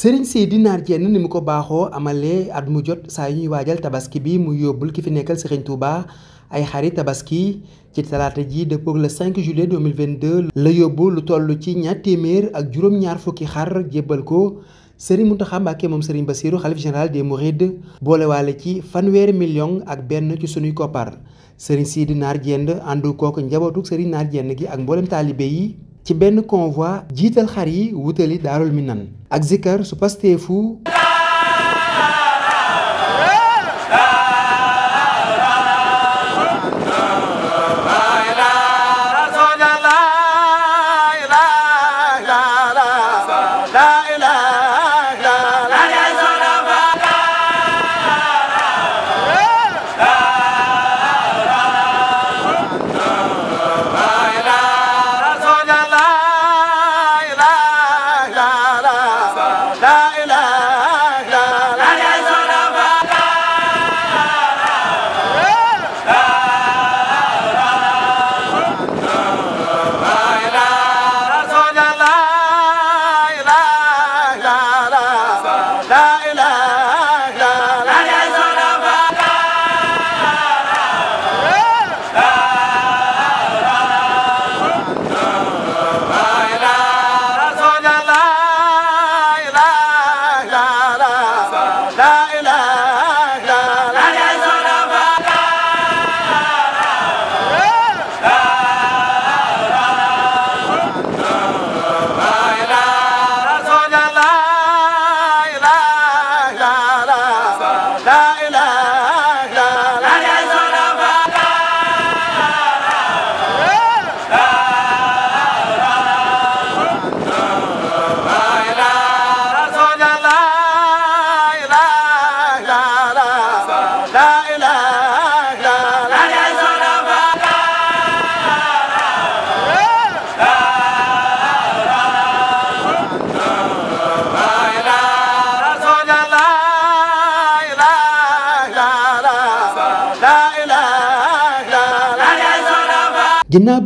sëriñ di Naar Dieng ni mu ko baaxoo amalee at mu jot saa yu ñuy waajal tabaski bi muy yóbbul ki fi nekkal sëriñ Touba ay xari tabaski ci talaata ji dëppoog le 5 juillet 2022 la yóbbu lu toll ci ñaar téeméer ak juróom-ñaar fukki xar jébbal ko sëriñ Mountakha Mbacké moom sëriñ Bassirou xalif général des Mourides boolewaale ci fanweeri million ak benn ci sunuy koppar sëriñ di Naar Dieng àndu kooku njabootu sëriñ Naar Dieng gi ak mboolem taalibe yi. ci benn convoi jiital xar yi wutali daarul minan ak zikar su pasteefu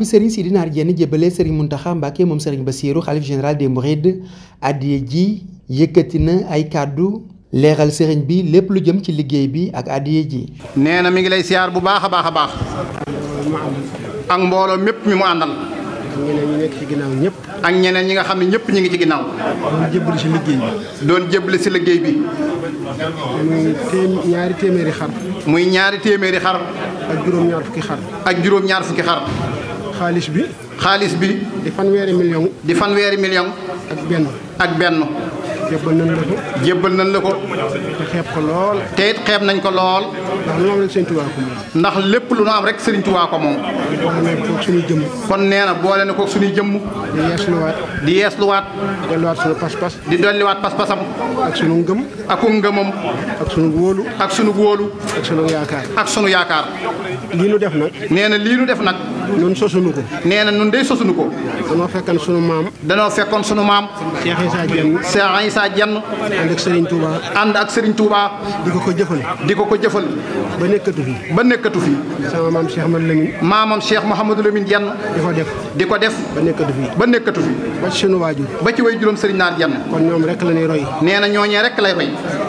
bi sëriñ Sidi Naar Diène jébbalee sëriñ Mountakha Mbacké moom sëriñ Bassirou xalif général des Mourides addiya ji yëkkati na ay kàddu leexal sëriñ bi lépp lu jëm ci liggéey bi ak addiya ji. nee na mi ngi lay siyaar bu baax a baax a baax. ak mbooloo mépp mi mu àndal. ak ñeneen ñi nekk ci ginnaaw ñëpp. ak ñeneen ñi nga xam ne ñëpp ñu ngi ci ginnaaw. doon jébbali si liggéey bi. doon jébbali ñaari téeméeri xar. muy ñaari téeméeri xar. ak juróom-ñaar fukki xar. xaalis bi. xaalis bi. di fanweeri million. di fanweeri million. ak benn. ak benn. jébbal nañ la ko. jébbal nañ la ko. te xeeb ko lool. te it nañ ko lool. ndax lu am rek sëriñ moom. ndax lépp lu nu am rek sëriñ Tuubaa ko moom. kon nee na boole na ko suñuy jëmm. di yeesluwaat. di yeesluwaat. di dolliwaat suñu pas-pas. di dolliwaat pas-pasam. ak sunu ngëm. ak um ngëmam. ak sunu wóolu. ak sunu wóolu. ak sunu yaakaar. ak sunu yaakaar. lii nu def nag. nee na lii nu def nag. nun sosunu ko. nee nun day sosunu ko. danoo fekkoon sunu maam. Issa Dieng. ànd ak Serigne Touba. ànd ak sëriñ Touba. di ko ko jëfal. di ko ko jëfal. ba nekkatu fi. ba nekkatu fi. sama maam Cheikh Mouhamadou Lamine. maamam Cheikh Mouhamadou di ko def. di ko def. ba nekkatu fi. ba nekkatu fi. ba ci sunu waajur. ba ci way juróom sëriñ Naar Dieng. kon ñoom rek la ñuy roy. nee na ñooñee rek lay roy.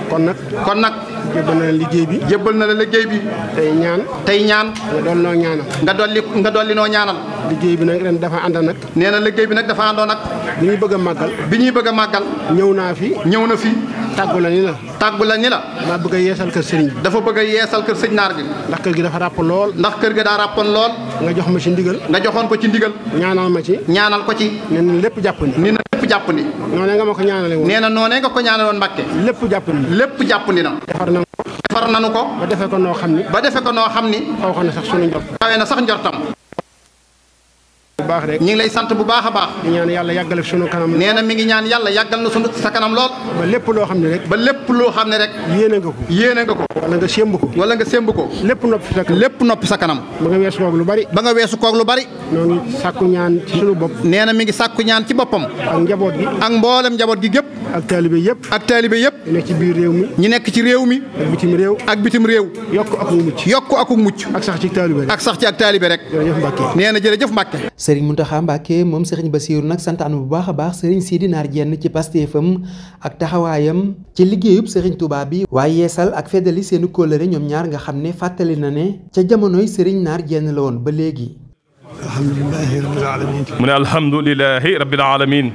kon nag. kon nag. jébbal na liggéey bi. jébbal na la liggéey bi. tey ñaan. tey ñaan. nga dolli noo ñaanal. nga dolli nga dolli noo ñaanal. liggéey bi nag ren dafa ànd nag. nee na liggéey bi nag dafa àndoon nag bi ñuy bëgg màggal. bi ñuy bëgg a màggal. ñëw naa fi. ñëw na fi. tàggu la ni la. tàggu la ni la. maa bëgg a yeesal kër sëriñ bi. dafa bëgg a yeesal kër sëñ naar gi. ndax kër gi dafa ràpp lool. ndax kër gi daa ràppoon lool. nga jox ma ci ndigal. nga joxoon ko ci ndigal. ñaanal ma ci. ñaanal ko ci. nee na lépp jàpp ni. nee na lépp jàpp ni. noonee nga ma ko ñaanale woon. nee na noonee nga ko ñaanale woon Mbàkke. lépp jàpp ni. lépp jàpp ni na. defar na nanu ko. ba defe ko noo xam ni. ba defe noo xam ni. kawe na sax sunu njort. kawe na sax njortam. baax rek. ñu ngi lay sant bu baax a baax. di ñaan yàlla yàggal na mi ngi ñaan yàlla yàggal na sunu sa kanam lool. ba lépp loo xam ne rek. ba lépp loo xam ne rek. yéene nga ko. yéene ko. wala nga sémb ko. wala nga sémb ko. lépp noppi sa kanam. lépp noppi sa kanam. ba nga weesu koog lu bari. ba nga weesu koog lu bari. ñoo ngi sàkku ñaan ci sunu bopp. nee mi ngi sàkku ñaan ci boppam. ak njaboot gi. ak mboolem njaboot gi gépp. ak taalibe yëpp. ak taalibe yëpp. ñu nekk ci biir réew mi. ñu nekk ci réew mi. ak bitim réew. ak bitim réew. yokk akuk mucc. yokk akuk mucc. sax ci taalibe rek. ak sax ci ak taalibe Serigne Mountakha Mbacké moom Serigne Bassirou nag santaan bu baax a baax Serigne Sidi Naar Diène ci pastéefam ak taxawaayam ci liggéeyub Serigne Touba bi waaye yeesal ak feddali seeni kóllëre ñoom ñaar nga xam ne fàttali na ne ca jamonoy Serigne Naar Diène la woon ba léegi. mu ne alhamdulilahi rabbil alamin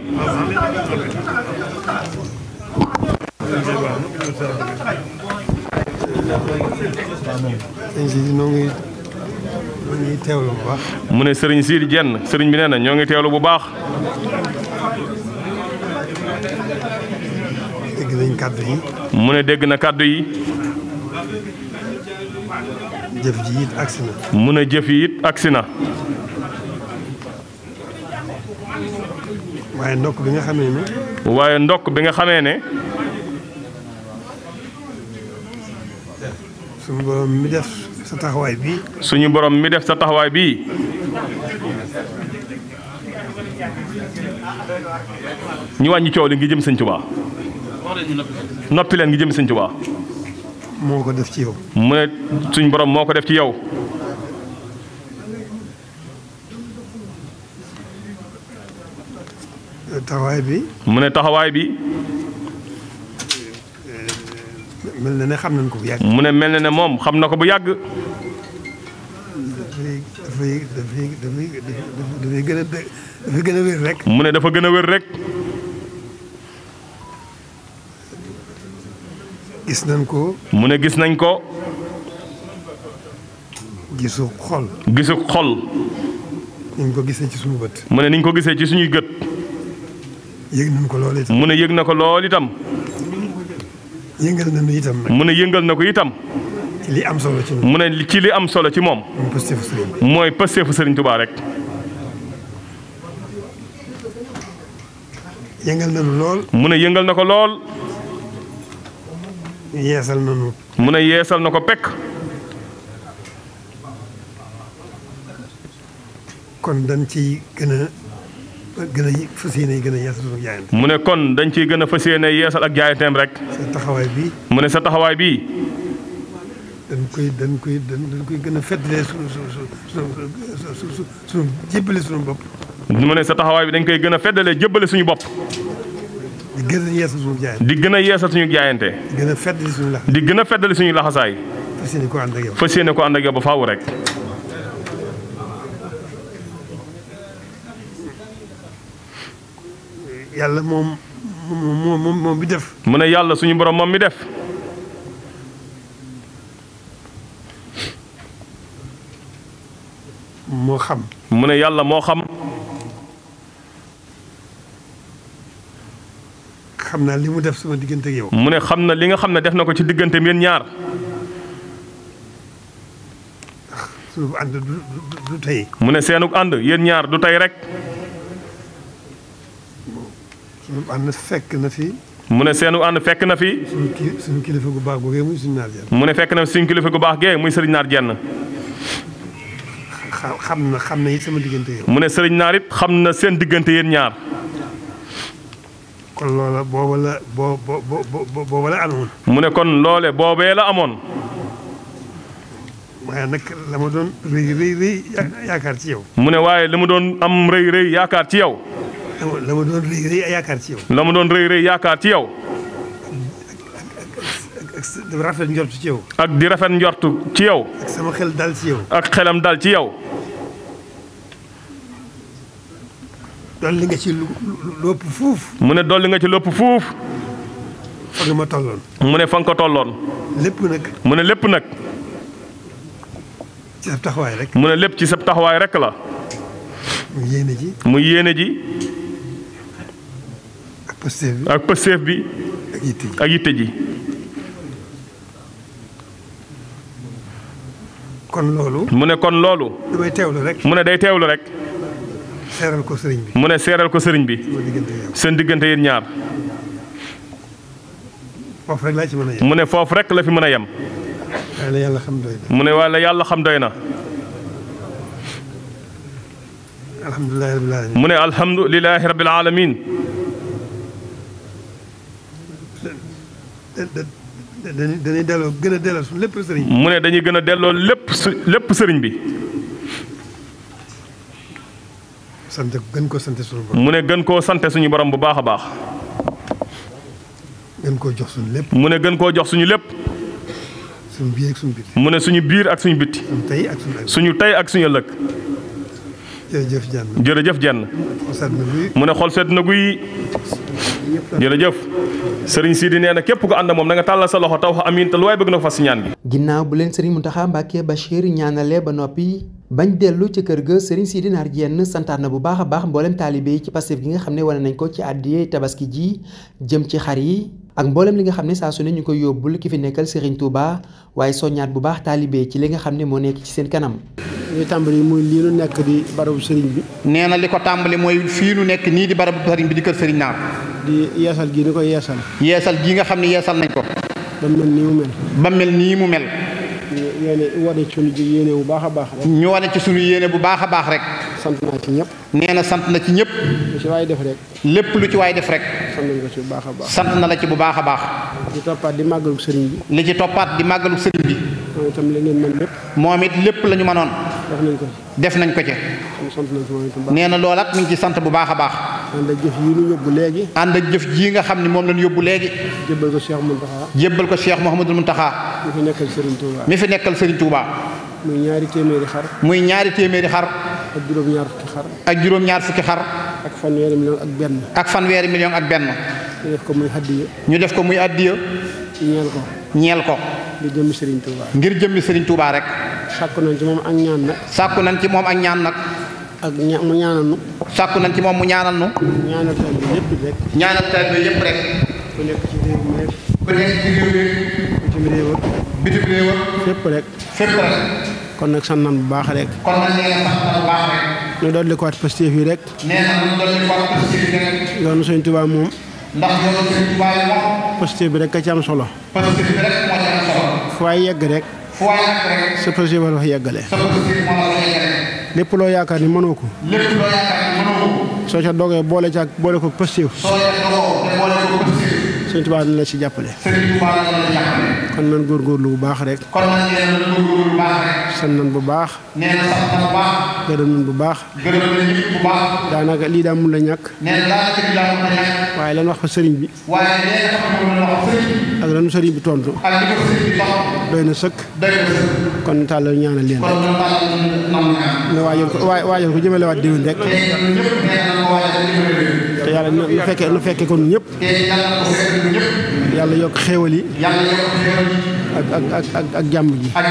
mu ne sëriñ Sidi Dieng sëriñ bi nee na ñoo ngi teewlu bu baax. dégg nañ kàddu yi. mu ne dégg na kàddu yi. jëf ji it mu ne jëf yi it agsi na. waaye ndokk bi nga xamee ne. waaye ndokk bi nga xamee ne. sa taxawaay bii. suñu borom mi def sa taxawaay bii. ñu wàññi coow li ngi jëm sëñ Tuubaa. noppi leen ngi jëm sëñ Tuubaa. moo ko def ci yow. mu ne suñu borom moo ko def ci yow. taxawaay bi. mu ne taxawaay bi. mel na xam nañ ko bu yàgg. mu ne mel na ne moom xam na ko bu yàgg. dafay gën a gën a wér rek. mu ne dafa gën a wér rek. gis nañ ko. mu ne gis nañ ko. gisu xol. gisu xol. niñ ko gisee ci suñu bët. mu ne niñ ko gisee ci suñuy gët. yëg nañ ko lool mu ne yëg na ko lool itam. yëngal na nu itam mu ne yëngal na ko itam. ci li am solo ci moom mu ne ci li am solo ci moom. mooy pësteefu Serigne Touba rek. yëngal na nu lool. mu ne yëngal na ko lool. yeesal na nu. mu ne yeesal na ko pekk. kon dañ ci gën a. gën a fas yéene gën a yeesal suñu mu ne kon dañ ciy gën a fas yéene yeesal ak jaayanteem rek. sa taxawaay mu ne sa taxawaay bii. dañ koy dañ koy dañ koy gën a fëtlee suñu suñu suñu bopp. mu ne sa taxawaay bi dañ koy gën a fëtlee jébbale suñu bopp. di gën a yeesal suñu jaayante. di gën a yeesal suñu gën a fëtlee suñu laxasaay. di gën a fëtlee suñu laxasaay. fas yéene ko ànd ak yow. ba faaw rek. yàlla moom moom moom moom bi def. mu ne yàlla suñu borom moom mi def. moo xam. mu ne yàlla moo xam. xam naa li mu def sama diggante ak yow. mu ne xam na li nga xam ne def na ko ci diggante yéen ñaar. ndax suñu ànd du du du tey. mu ne seenu ànd yéen ñaar du tey rek. sunu ànd fekk na fi. mu ne seenu ànd fekk na fi. suñu kilifa gu baax googee muy naar mu ne fekk na suñu kilifa gu baax gee muy sëriñ naar jenn. xam na xam it sama diggante mu ne sëriñ naar it xam na seen diggante yéen ñaar. kon loola booba la boo mu ne kon loole boobee la amoon. waaye nag la ma doon rëy rëy rëy yaakaar ci yow. mu ne waaye li ma doon am rëy rëy yaakaar ci yow. la ma doon rëy rëy yaakaar ci yow. la ma doon rëy rëy yaakaar ci yow. ak di rafet njortu ci yow. ak di rafet njortu ci yow. sama xel dal ci yow. ak xelam dal ci yow. dolli nga ci lu mu ne dolli nga ci lopp ëpp fuuf. ma tolloon. mu ne fa ko tolloon. lépp nag. mu ne lépp nag. ci taxawaay rek. mu ne lépp ci sa taxawaay rek la. mu yéene ji. Pastef bi ak Pastef bi. ak yitte ji ak yitte ji. kon loolu. mu ne kon loolu. rek. mu ne day teewlu rek. seeral ko sëriñ bi. mu ko sëriñ bi. seen diggante yéen ñaar. foofu rek laa ci mu ne foofu rek la fi mën a yem. waaye xam mu ne waaye la yàlla xam doy na. alhamdulilah mu ne alhamdulilah rabbil alamin dañuy dañuy gën a delloo suñu lépp sëriñ mu ne dañuy gën a delloo lépp su lépp sëriñ bi. sant gën koo sant suñu mu ne gën koo sante suñu borom bu baax a baax. gën koo jox suñu lépp. mu ne gën koo jox suñu lépp. suñu biir ak suñu mu ne suñu biir ak suñu biti. suñu tey ak suñu ëllëg suñu tey ak jërëjëf jenn mu ne xol seet na guy. jërëjëf. sëriñ Sidi nee na képp ko ànd moom na nga tàllal sa loxo taw xa amiin te lu waay bëgg na ko fas si ñaan gi. ginnaaw bu leen sëriñ Mountakha Mbacké Bachir ñaanalee ba noppi bañ dellu ci kër ga sëriñ Sidi Naar Diène santaat na bu baax a baax mboolem taalibe yi ci Pastef gi nga xam ne wane nañ ko ci àddiyee tabaski ji jëm ci xar yi ak mboolem li nga xam ne saa su ne ñu koy yóbbul ki fi nekkal sëriñ Touba waaye soññaat bu baax taalibe ci li nga xam ne moo nekk ci seen kanam. li tàmbali mooy lii nu nekk di barabu sëriñ bi. nee na li ko tàmbali mooy fii nu nekk nii di barabu sëriñ bi di kër sëriñ di yeesal gii ni koy yeesal. yeesal gii nga xam ne yeesal nañ ko. ba mel nii mu mel. ba mel nii mu mel. ñu yéene bu baax a baax ñu wane ci suñu yéene bu baax a baax rek. sant naa ci ñëpp. nee na sant na ci ñëpp. lu ci waay def rek. lépp lu ci waay def rek. sant nañ ko ci bu a na la ci bu baax a baax. li ci toppaat di màggalu sëriñ bi. li ci toppaat di màggalu sëriñ bi. moom itam la ngeen mën it lépp la ñu def nañ ko ci. def nañ ko ci. nee na loolat mi ngi ci sant bu baax a baax. ànd ak jëf yi ñu yóbbu léegi. ànd ak jëf ji nga xam ne moom la ñu yóbbu léegi. jébbal ko Cheikh Mountakha. jébbal ko Cheikh Mouhamadul Mountakha. mi fi nekkal Serigne Touba. mi fi nekkal Serigne Touba. muy ñaari téeméeri xar. muy ñaari téeméeri xar. ak juróom-ñaar fukki xar. ak juróom-ñaar fukki xar. ak fanweeri million ak benn. ak fanweeri million ak benn. ñu def ko muy addiya. ñu def ko muy addiya. ñeel ko. ñeel ko. ngir jëmmi Serigne Touba. ngir rek. sàkku nañ ci moom ak ñaan nag. sàkku nañ ci moom ak ñaan nag. ak ña mu nañ ci moom mu ñaanal nu. ñaanal taal bi yëpp rek. ñaanal taal bi yëpp rek. kon nag sant nañ bu baax rek. kon nag ñu ngi sant bu baax rek. ñu dolli ko waat positif yi rek. nee na ñu dolli ko waat positif moom. ndax bi rek ka ci solo. positif bi rek moo ci solo. fu waay yegg rek. sa projet war wax yeggale lépp loo yaakaar ni mënoo ko lépp loo soo ca dogee boole ca boole ko pëstéew soo Sëriñ Tuubaa dina la ci jàppale. Sëriñ Tuubaa dina la jàppale. kon nan góorgóorlu bu baax rek. bu baax rek. sant nan bu baax. na sant nan bu bu baax. gërëm daanaka lii daa mun la ñàkk. na daanaka waaye lan wax fa sëriñ bi. waaye nee wax fa sëriñ bi. tontu. ak li ko sëriñ bi tontu. doy na sëkk. doy na sëkk. kon tàllal ñaanal ñaan. waajal te yàlla nu fekkee nu fekkee ko ñun ñëpp. yàlla yokk xéewal yi. ak ak jàmm ji. ak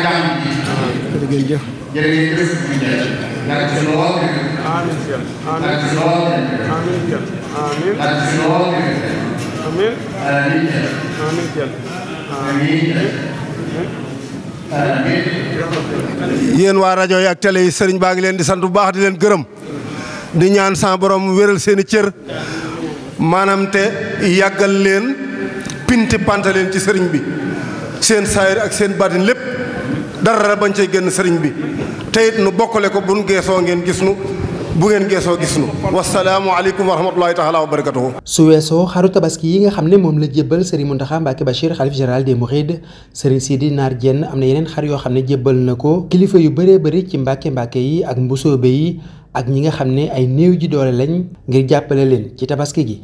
waa rajo yi ak télé yi sëriñ baa ngi leen di sant bu baax di leen gërëm. di ñaan sa borom wéral seeni cër maanaam te yàggal leen pinti panta leen ci sëriñ bi seen saayir ak seen baatin lépp dara bañ cay génn sëriñ bi te nu bokkale ko bu geesoo ngeen gis nu bu ngeen geesoo gis nu wasalaamu aleykum wa rahmatullahi taala wa barakatuhu su weesoo xaru tabaski yi nga xam ne moom la jébbal sëriñ Mountakha Mbacké Bachir xalif général des Mourides sëriñ Sidi Naar Diène am na yeneen xar yoo xam ne jébbal na ko kilifa yu bëree bëri ci Mbacké Mbacké yi ak mbusoobe yi ak ñi nga xam ne ay néew ji doole lañ ngir jàppale leen ci tabaski ji